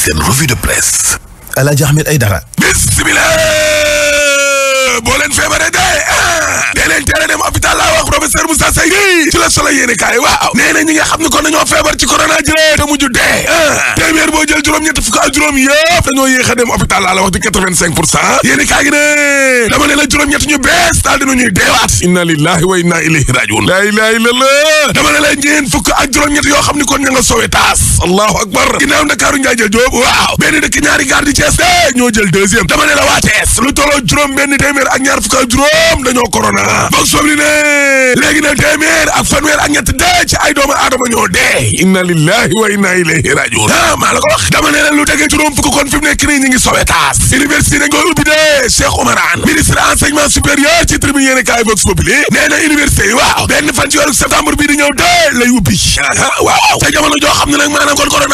seen revue de presse El Hadji Ahmed Aïdara bismillah boo leen feebaree dee ah. dee leen tere dem hôpital laa wax professeur Moussa Sey ci la solo yéene kaay waaw nee na ñi xam ne kon dañoo feebar ci corona jëlee te mujj dee ah. téeméer boo jël juróom fukk ak juróom yëpp dañoo yéex a dem hôpital la wax di quatre-vingt-cinq dama ne la juróom ñett ñu bees daal dina ñuy deewaat inna lillahi wa inna ilayhi rajiun laa ilaaha illallah dama ne la ñeen fukk ak juróom ñett xam ne kon ña nga sowe taas allahu akbar ginnaaw ndakaaru njaay jël jóob waaw benn dëkk ñaari garde Thiès de ak ñaar fukk a juróom dañoo corona boog sobli ne léegi nag téeméer ak fanweer ak ñett dee ci ay doomu a ñoo dee inna lillahi inna ilayhi rajiun dama ne leen lu tegee juróom fukk kon fi ñu ngi sowe taas université dañ koy ubbi ministre enseignement supérieur ci tribune yéene kaay Vox Populi nee waaw benn fan ci weeru septembre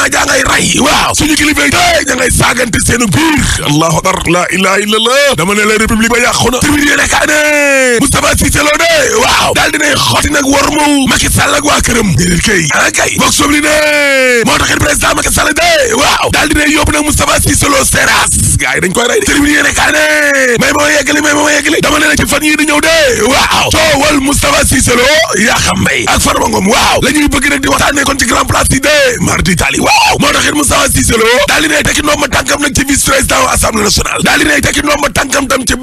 jaa ngay ray waaw suñu kilifa yi de da ngay saagante seenu biir allahu akbar la ilaha illallah dama ne la république ba yàq yàqu na tribune yéene kaa ne Moustapha Cissé Lo de waaw daal dinay xotti nag war mu Macky Sall ak waa këram déedéet kay ah kay boog sob li ne moo taxit président Macky Sall de waaw daal dinay yóbbu nag Moustapha Cissé Lo seras gars yi dañ koy rey de tribune yéene may ma yeggali may dama ne ci fan yii di ñëw de waaw coowal Moustapha Cissé Lo yaa xam mbay ak Farba waaw la ñuy bëgg nag di kon ci grand place yi de mardi tali waaw moo taxit Moustapha Cissé Lo daal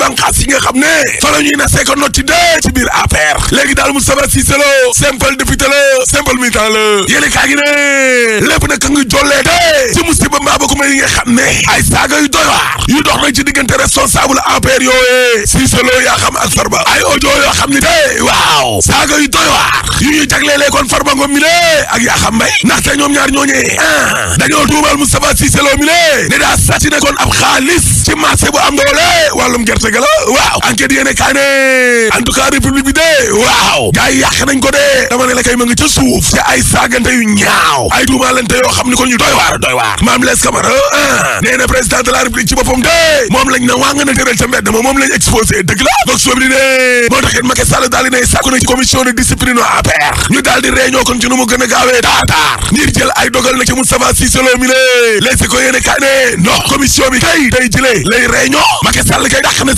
banqaas yi nga xam ne fa la ñuy nasee ko notti de ci biir APR léegi daal Moustapha Cissé la simple député la simple militant la yéene kaa gi ne lépp nag ka ngi jollee de xam ne ay saaga yu doy waar yu dox nag ci diggante responsable APR yooyee Cissé la yaa xam ak Farba ay audio yoo xam ne de waaw saaga yu doy waar yu ñuy jagleelee kon Farba Ngom mi le ak yaa xam mbay ndaxte ñoom ñaar ñooñee ah dañoo tuumal Moustapha Cissé la mi le ne daa sàcc ne kon ab xaalis ci marché bu am doole wàllum gerte dëgg la ah, waaw enquête yéene kaa ne en tout cas république bi de waaw gars yi nañ ko de dama ne la ca suuf te ay saagante yu ñaaw ay tuumaalante yoo xam ni ko ñu doy waar doy waar maam lees Camara ah nee président de la république ci boppam de moom lañ na waa nga na mbedd ma moom lañ exposé dëgg la donc soob moo tax it Macky Sall daal di ne sàkku na ci commission de discipline o APR ñu daal di réunion kon ci nu mu gën a gaawee daar daar ngir jël ay dogal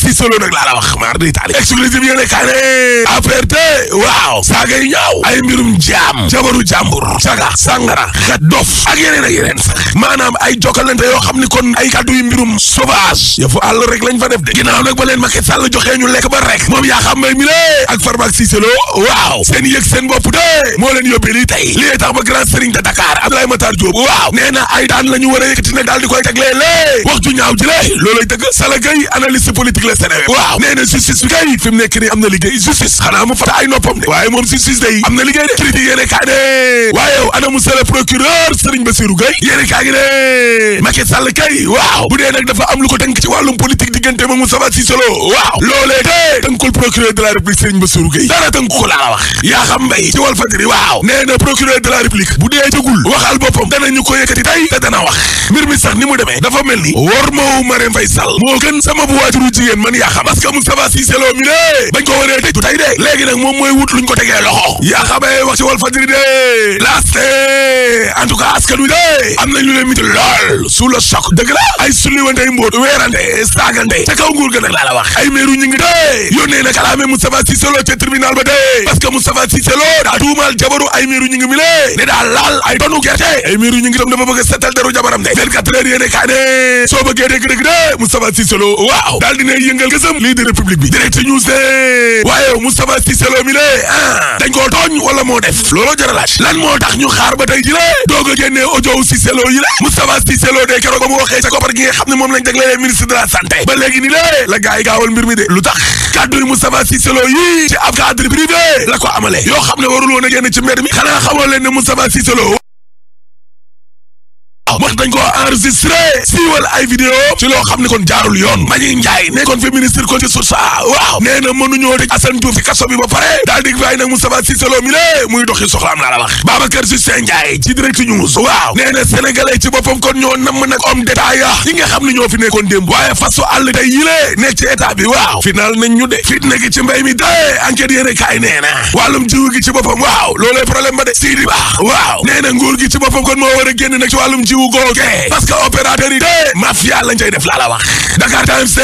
si solo nag laa la wax maar day taali exclusif yéene kaa ne affaire te waaw saaga yi ñaaw ay mbirum jaam jabaru jàmbur saga sàngara xet dof ak yeneen ak yeneen sax maanaam ay jokkalante yoo xam ni kon ay kaddu yu mbirum sauvage yëfu àll rek lañ fa def de ginnaaw nag ba leen Macky Sall joxee ñu lekk ba rek moom yaa xam may mi lé ak Farba ak Cissé Lo waaw seen yëg seen de moo leen yóbbee lii tey lii tax ba grand serigne de Dakar Abdoulaye Matar Diop waaw nee na la ñu war a yëkkati nag daal di koy teglee lée de Seneweb waaw nee na justice bi kay fi mu nekk am na liggéey justice xanaa mu fata ay noppam de waaye moom justice day am na liggéey de critique yéene kaa ne waaye yow ana monsieur le procureur Serigne Bassirou Gueye yéene kaa ngi ne Macky kay waaw bu dee nag dafa am lu ko tënk ci wàllum politique diggante ma Moustapha Cissé Lo waaw loolee de tënkul procureur de la République Serigne Bassirou Gueye dara tënku ko wax yaa xam mbay ci Walf Fadjri waaw nee na de la ni mu demee dafa mel ni war mawu man yaa xam parce que Moustapha Cissé Lo mi ne bañ ko waree tëj du tey de léegi nag moom mooy wut luñ ko tegee loxo yaa xamee wax ci Walf Fadjri de laast en tout cas askan de am nañ lu leen miti lool sous le choc dëgg la ay sulli wantey mbóot weerante saagante ca kaw nguur ga nag laa la wax ay meeru ñu ngi de yónnee na kalaame Moustapha Cissé Lo ca tribunal ba de parce que Moustapha Cissé Lo daa tuumaal jabaru ay meeru ñu ngi mi le ne daa laal ay tonu gerte ñu ngi tam dafa bëgg a setal deru jabaram de 24 heures yéene kaa yëngal gësëm lii di république bi direct news de waaye Moustapha Cissé Lo mi ne ah, dañ koo tooñ wala moo def looloo jar a laaj lan moo tax ñu xaar ba tey ji la doog a génnee audio Cissé Lo yi la Moustapha Cissé Lo de keroog ba mu waxee ca koppar gi xam ne moom lañ jagleel ministre de la santé ba léegi ni lée la gaa yi gaawal mbir lu tax kàddu yi Moustapha Cissé yi ci ab cadre privé la ko amale xam ne warul woon a génn ci mbedd xanaa xamoo leen ne Moustapha Cissé Lo wax dañ ko enregistré siiwal ay vidéo ci loo xam ne kon jaarul yoon Mañi Njaay nekkoon fi ministre kon ci sursa waaw nee mënuñoo tëj Assane Diouf fi kaso bi ba pare daal di fay nag Moustapha Cissé Lo mi lé muy doxi soxlaam laa la wax Babacar Justin Njaay ci direct news waaw nee na ci boppam kon ñoo namm nag homme d'état ñi nga xam ne ñoo fi nekkoon démb waaye fasu àll tey yilee nekk ci état bi waaw final nañ de fitna gi ci mbay mi de enquête a siiw googe parce que opérateur yi de mafia lañ cay def laa la wax Dakar Times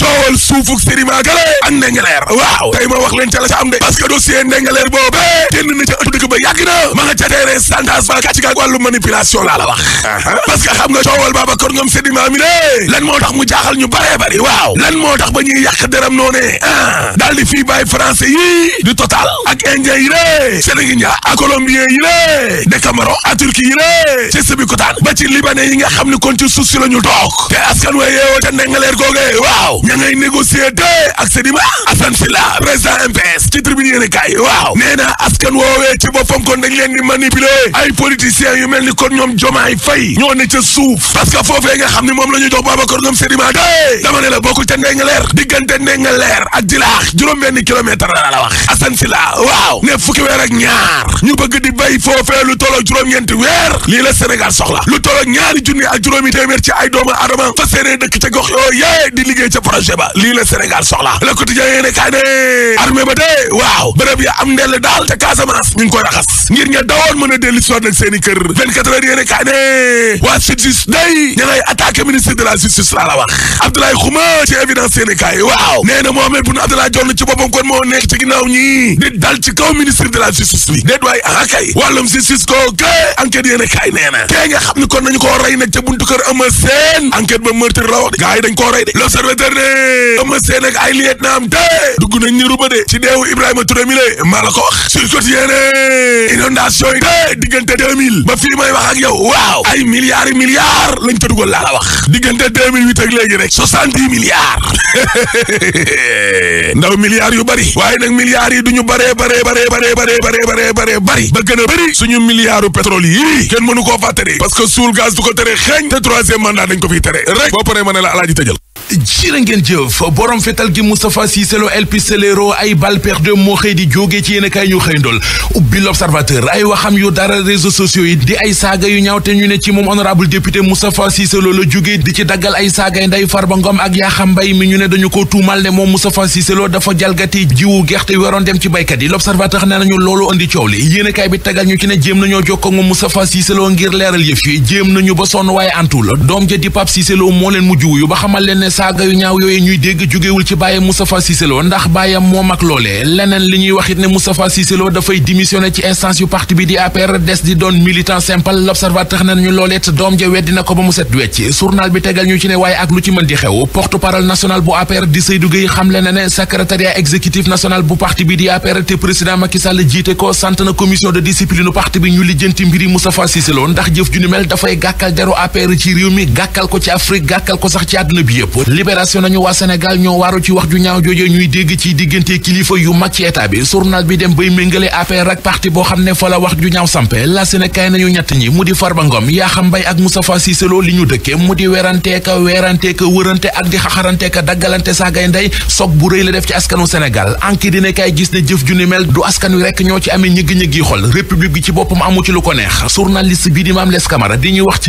coowal suufuk sédiment gale ak ndengaleer waaw tey ma wax leen ca la ca am de parce que dossier ndengaleer boobe génn na ca ëttu dëkk ba yàgg na ma nga ca teere santas ba kàcc ak wàllu manipulation laa la wax parce que xam nga coowal Babacar Ngom sédiment mi ne lan moo tax mu jaaxal ñu baree bari waaw lan moo tax ba ñuy yàq deram noone ah daal di fii bàyyi français yi du total ak waxtaan ba ci libanais yi nga xam ni kon ci suuf si la toog te askan wa yeewoo te ndengaleer googee waaw ña ngay négocier de ak Sedima Assane Sylla président MPS ci tribune yéene kaay waaw nee na la ñu jox Babacar Ngom Sedima de dama ne la bokkul ca ndengaleer diggante ndengaleer ak jilaax juróom ñaar ñu bëgg di bay foofee lu tolloo juróom-ñeenti weer lii la Sénégal so soxla lu tolloog ñaari junni ak juróomi téeméer ci ay doomu adama fas yéene dëkk ca gox yoo di liggéey ca projet ba lii la Sénégal soxla le quotidien yéene kaay ne armée i kër 24 heures yéene kaay ne waa justice day ña ngay attaqué la di dal ah kay wàllum na nga xam ni kon nañu koo rey nag ca buntu kër Eumeu Sène enquête ba meurtre la de gars dañ ko rey de l'observateur ne Eumeu Sène ak ay lieutenant te dugg nañ niiru ba de ci deewu Ibrahima Touré mi le maa la ko wax sur quotidien inondation yi te diggante 2000 ba fii may wax ak yow waaw ay milliards milliards lañ ca dugal laa la wax diggante 2008 ak léegi rek 70 milliards ndaw milliards yu bari waaye nag milliards yi duñu bare bare bare bare bare bare bare bare ba gën a bari suñu milliards pétrole yi kenn mënu koo fàtte parce que suul gaz du ko xeeñ te troisième mandat dañ ko fiy tere rek boo paree ma ne la jërë ngeen jëf borom fetal gi Moustapha Cissé Lo El Pistolero ay balle perdue moo xëy di jógee ci yéen ñu ne ci moom honorable député Moustapha Cissé la jógee di ci daggal ay saagay nday Farba Ngom ak Yakham Mbaye mi ñu ne dañu ko tuumal ne moom Moustapha Cissé Lo dafa jalgati jiwu gerte waroon dem ci baykat yi l'observateur nee nañu loolu andi coow li yéen bi tagal ñu ci ne jéem nañoo jokkoo moom Moustapha Cissé Lo ngir leeral yëf yi jéem nañu ba sonn waaye ba xamal leen saaga yu ñaaw yooyu ñuy dégg jógewul ci bàyyam Moustapha Cissé ndax bàyyam moom ak loolee leneen li ñuy wax ne Moustapha Cissé dafay démissionné ci instance yu parti bi di APR des di doon militant simple l'observateur ne nañu loolee te doom ja weddi ko ba mu set wecc journal bi tegal ñu ci ne waaye ak lu ci mën di xew porte parole national bu APR di Seydou Gueye xamle na ne secrétariat exécutif national bu parti bi di APR te président Macky Sall jiite ko sant na commission de discipline parti bi ñu lijjanti mbiri Moustapha ko ci Afrique sax ci àdduna bi yëpp libération nañu waa Sénégal ñoo waaru ci wax ju ñaaw jooje ñuy dégg ci diggante kilifa yu mag ci état bi journal bi dem bay méngale APR ak parti boo xam ne fa la wax ju ñaaw sampe la Sénégal nañu ñett ñi mu di Farba Ngom Yakham bay ak Moustapha Cissé Lo li ñu dëkke mu di weranteeka weeranteeka wërante ak di xaxaranteeka daggalante saagay ndey soog bu rëy la def ci askanu Sénégal anki dina kay gis ne jëf ju ni mel du askan wi rekk ñoo ci amee ñëgg-ñëgg yi ci boppam amu ci lu ko neex journaliste bi di Mame Less Camara di ñuy wax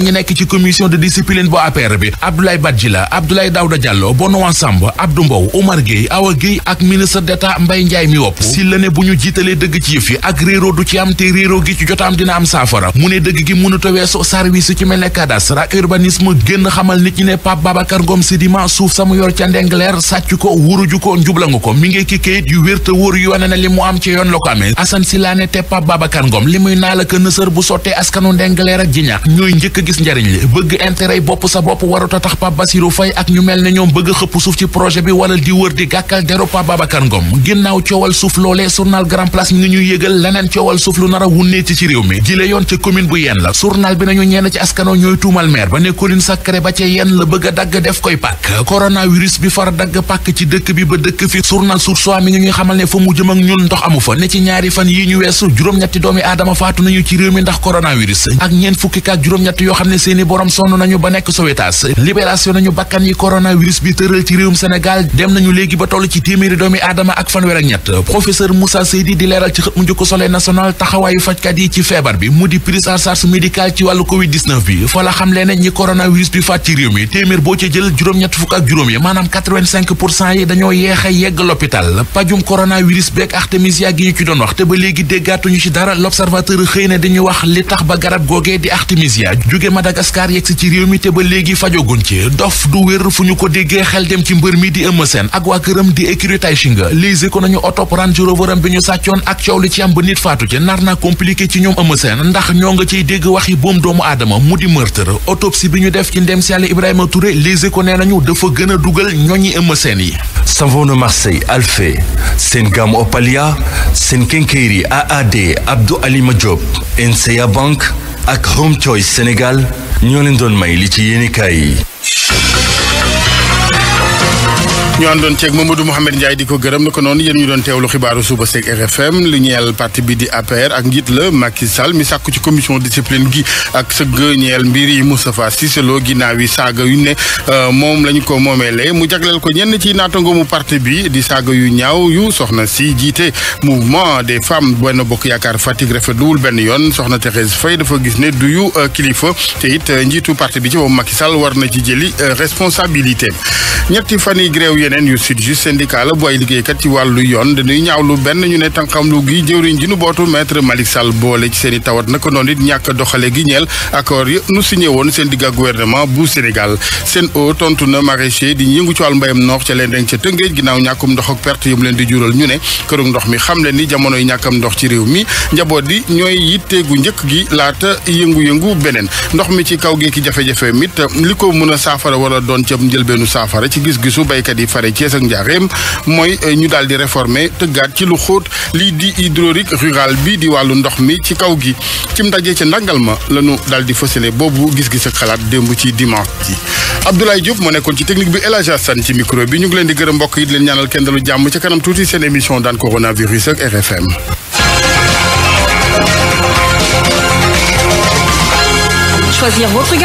tey ñu nekk ci commission de discipline bu APR bi Abdoulaye Badji la Abdoulaye Daouda Diallo Benoît Samb Abdou Mbow Omar Gueye Awa Gueye ak ministre d'État mbay Ndiaye mi wopp si la ne bu ñu jiitalee dëgg ci yëf yi ak réeroo du ci am te réeroo gi ci jotaam dina am saafara mu ne dëgg gi mënut a weesu service ci mel ne cadastre ak urbanisme génn xamal nit ñi ne Pape Babacar Ngom Sedima suuf samu yor ca Ndengleer sàcc ko wuruju ko njublangu ko mi ngi ki kayit yu wér te wóor yoone na li mu am ci yoon la ko amee Assane Sylla ne te Pape li muy naa la ka nësër bu sottee askanu Ndengleer ak jiñax ñooy njëkk gis njariñ li bopp sa bopp warut a tax Pape Bassirou ak ñu mel ne ñoom bëgg xëpp suuf ci projet bi wala di wër di gàkkal deru Pape Babacar ginnaaw coowal suuf loolee journal Grand Place ngi ñuy yëgal leneen coowal suuf lu nar a wunnee ci réew mi jile yoon ca commune bu yenn la journal bi nañu ñenn ci askano ñooy tuumal maire ba ne colline sacré ba ca yenn la bëgg a dagg def koy pàkk coronavirus bi far dagg pàkk ci dëkk bi ba dëkk fi journal Source A xam ne seeni borom sonn nañu ba nekk Sowetaas libération nañu bakkan yi coronavirus bi tëral ci réewum Sénégal dem nañu léegi ba toll ci téeméeri doomi aadama ak fanweer ak ñett professeur Moussa Seydi di leeral ci xët mu njëkk Soleil national taxawaayu fajkat yi ci feebar bi mu di prise en charge ci wàllu Covid 19 bi fa la xam leen ne ñi coronavirus bi fàtt ci réew mi téeméer boo ci jël juróom-ñett fukk ak juróom yi maanaam 85 pour cent yi dañoo yeex a yegg l'hôpital pajum coronavirus beeg artémisia gi ñu ci doon wax te ba léegi déggaatuñu ci dara l'observateur xëy na dañu wax li tax ba garab googee di artémisia jóge jóge Madagascar yegg ci réew mi te ba léegi fajoguñ ci dof du wér fu ñu ko déggee xel dem ci mbër mi di Eumeu Sène ak waa këram di écurie Taïshinga lise ko nañu otop Range Rover bi ñu sàccoon ak coow li ci am ba nit faatu ci nar naa compliqué ci ñoom Eumeu Sène ndax ñoo nga ciy dégg waxi boom doomu aadama mu di meurtre autopsie bi ñu def ci ndem si yàlla Ibrahima Touré lise ko nee nañu dafa gën a dugal ñoñi Eumeu Sène yi sa de Marseille Alphé seen gamme Opalia seen kenkeyri AAD Abdou Alima Diop NCA Bank ak Home Choice Sénégal ñoo leen doon may li ci yéenekaay yi ñu àndoon ceeg Mamadou Mouhamed Ndiaye di ko gërëm na ko noonu yéen ñu doon teewlu xibaaru suba seeg RFM li ñeel parti bi di APR ak njiit la Macky Sall mi sàkku ci commission discipline gi ak sëgg ñeel mbir yi Moustapha Cissé Lo ginnaaw yi saaga yu ne euh, moom lañu ko moomeele mu jagleel ko ñenn ci naatangoomu parti bi di saaga yu ñaaw yu soxna si jiite mouvement des femmes benn bokk yaakaar Fatick rafetluwul benn yoon soxna Thérèse fay dafa gis ne duyu yu euh, kilifa te it euh, njiitu parti bi ci boobu Macky war na ci jëli responsabilité yeneen yu sud ju syndicat la bu ay liggéeykat ci wàllu yoon dañuy ñaaw lu benn ñu ne tànqam lu gi jëwriñ ji nu bootu maître Malick Sall boole ci seen i tawat naka noonu it ñàkk doxale gi ñeel accord yi nu signé woon seen digg ak gouvernement bu Sénégal seen o tontu na maraîcher di yëngu ci wàllu mbayam noox ca leen deng ca tëngéej ginnaaw ñàkkum ndox ak perte yu mu leen di jural ñu ne këru ndox mi xam ni jamonoy ñàkkam ndox ci réew mi njaboot di ñooy yitteegu njëkk gi laata yëngu-yëngu beneen ndox mi ci kaw gi ki jafe mit li ko mën a saafara wala doon ca njëlbeenu saafara ci gis-gisu baykat yi defaree Thiès mooy euh, ñu daal di réformer tëggaat ci lu xóot lii di hydraulique rural bi di wàllu ndox mi ci kaw gi cim ndaje ca ndàngal ma la ñu daal di fësale boobu gis-gis ak xalaat démb ci dimanche ji Abdoulaye Diop moo nekkoon ci technique bi El Hadj Assane ci micro bi ñu ngi leen di gërëm mbokk yi di leen ñaanal kenn dalu jàmm ca kanam tuuti seen émission daan coronavirus ak RFM. Choisir